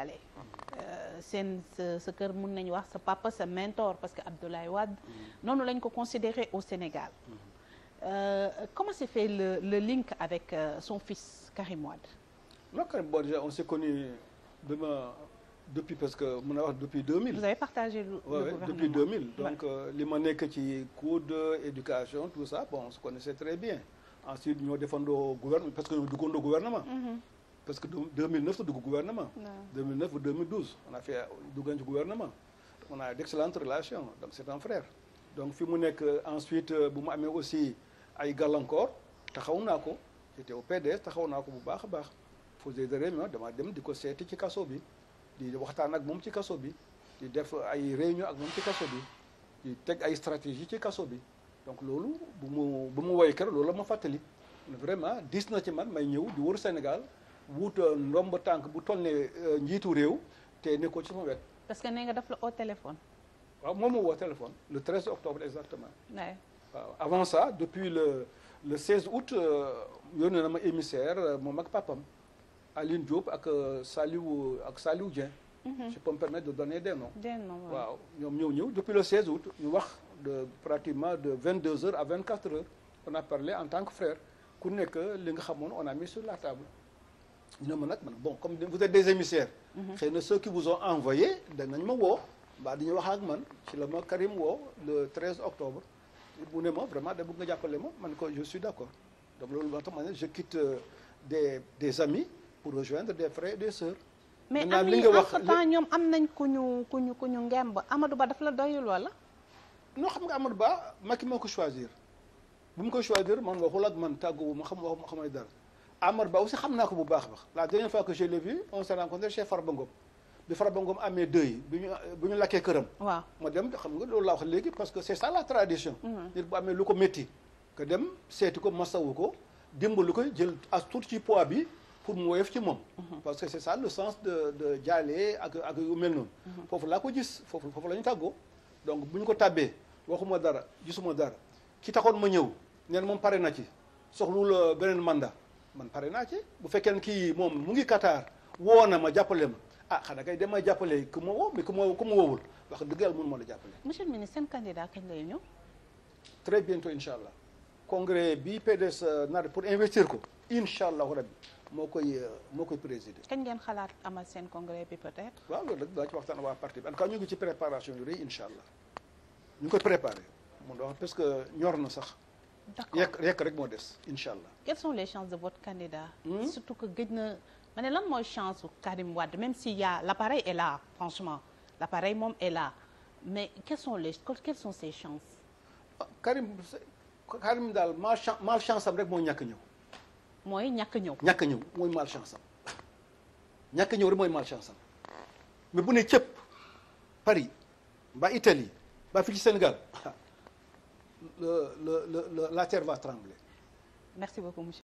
sénégalais euh, seen sa sa kër mun nañu wax sa papa sa mentor parce que Abdoulaye Wade mm-hmm. noonu lañ ko considéré au Sénégal mm-hmm. euh, comment s'est fait le le link avec euh, son fils Karim Wade non Karim Wade on s'est connu dama depuis parce que mën naa wax depuis 2000. vous avez partagé le, ouais, le gouvernement depuis 2000 li ma nekk ci cours d'éducation tout ça bon on se connaissait très bien ensuite ñoo defandoo gouvernement parce que ñoo duggandoo gouvernement. Mm-hmm. parce que 2009 tu dugg gouvernement. 2009 ba 2012 on a fait dugg nañ ci gouvernement. on a d'excellentes relations donc c'est mu nekk euh, ensuite euh, bu mu amee aussi ay gàllankoor taxaw naa ko j'étais au PDS taxaw naa ko bu baax a baax. faisais des réunions dama dem di ko seeti ci kaso bi di waxtaan ak moom ci kaso bi di def ay réunion ak moom ci kaso bi di teg ay stratégie ci kaso bi donc loolu bu mu bu mu woy kër loolu la ma fàttali vraiment dis na ci man may ñëw di wër Sénégal. wut euh, ndomb tànk bu toll ne euh, njiitu réew te ne ci sama wet. parce que nee nga daf la oo téléphone. waaw moom moo woo téléphone le 13 octobre exactement. waaw avant ça depuis le le 16 août euh, yónnee na ma émissaire moom ak papam Aline Diop ak Saliou ak Saliou Dieng. Mhm. je peux me permettre de donner des noms. waaw ñoom ñëw ñëw depuis le 16 août ñu wax de pratiquement de 22 heures à 24 heures on a parlé en tant que frère ku nekk li nga xamoon on a mis sur la table. ñu ma nag man bon comme vous êtes des émissaires. Mhm. xëy na ceux qui vous ont envoyé danañ ma woo mbaa di ñu wax ak man ci la ma Karim woo le 13 octobre bu ne ma vraiment da bëgg nga jàppale ma man ko je suis d' accord donc loolu moo tax ma ne euh, des des amis pour rejoindre des frères li nga wax temps ñoom am nañ ku ñu ku ñu ku ngemb Amadou Ba daf la doyul wala. non xam nga Amadou Ba Macky moo ko choisir bu mu ko choisir man waxul ak man tàggu ma xam waxuma xamay dara. Amar Ba aussi xam naa ko bu baax ba la dernière fois que je l'ai vu on s'est rencontré chez Farba Ngom bi Farba Ngom amee deuil yi ñu lakkee këram. waaw dem xam nga loolu laa wax léegi parce que c'est ça la tradition. Mm-hmm. nit bu amee lu ko métti. que dem seeti ko masawu ko dimbalu ko jël as tout ci pois bi pour mu woyof ci moom. Mm-hmm. parce que c'est ça le sens de de jaalee ak ak yu mel noonu. Mm-hmm. foofu laa ko gis foofu foofu la ñu tàggoo. donc bu ñu ko tàbbee waxuma dara gisuma dara ki taxoon ma ñëw neen moom pare na ci soxlul euh, beneen mandat. man pare naa ci bu fekkee ne kii moom mu ngi Qatar woo na ma jàppale ma ah xanaa kay dem damay jàppale ku ma woo mais ku ma ku wax dëgg yàlla mun moo la jàppale. monsieur le ministre seen candidat kañ lay ñëw. très bientôt incha allah congrès bi PDS euh, nar pour investir ko incha allahu rabbi moo koy euh, moo koy présider. kañ ngeen xalaat amal seen congrès bi peut-être. waaw loolu rek daa ci waxtaan waa parti bi en tout cas ñu ngi ci préparation yu rëy incha allah ñu ngi koy préparé mun wax parce que ñor na sax. d'accord yekk yekk rek moo des incha allah. quelles sont les chances de votre candidat. Hmm? surtout que gëj na ma ne lan mooy chance su Karim Wade même si y a l'appareil est là franchement l'appareil moom est là mais quelles sont les quelles sont ses chances. Ah, Karim Karim daal mal chance mal chance am rek mooy ñàkk ñëw. mooy ñàkk ñëw. ñàkk ñëw mooy mal chance am ñàkk ñëw rek mooy mal chance am mais bu ne cëpp Paris ba Italie ba fii ci Sénégal. le, le, le, la terre va trembler. Merci beaucoup, monsieur.